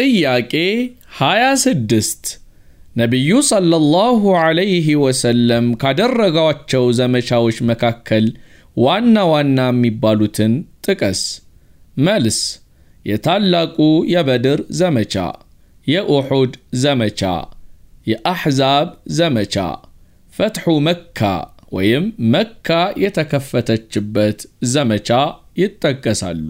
ጥያቄ 26 ነቢዩ ሰለላሁ ዐለይሂ ወሰለም ካደረጓቸው ዘመቻዎች መካከል ዋና ዋና የሚባሉትን ጥቀስ። መልስ የታላቁ የበድር ዘመቻ፣ የኡሑድ ዘመቻ፣ የአሕዛብ ዘመቻ፣ ፈትሑ መካ ወይም መካ የተከፈተችበት ዘመቻ ይጠቀሳሉ።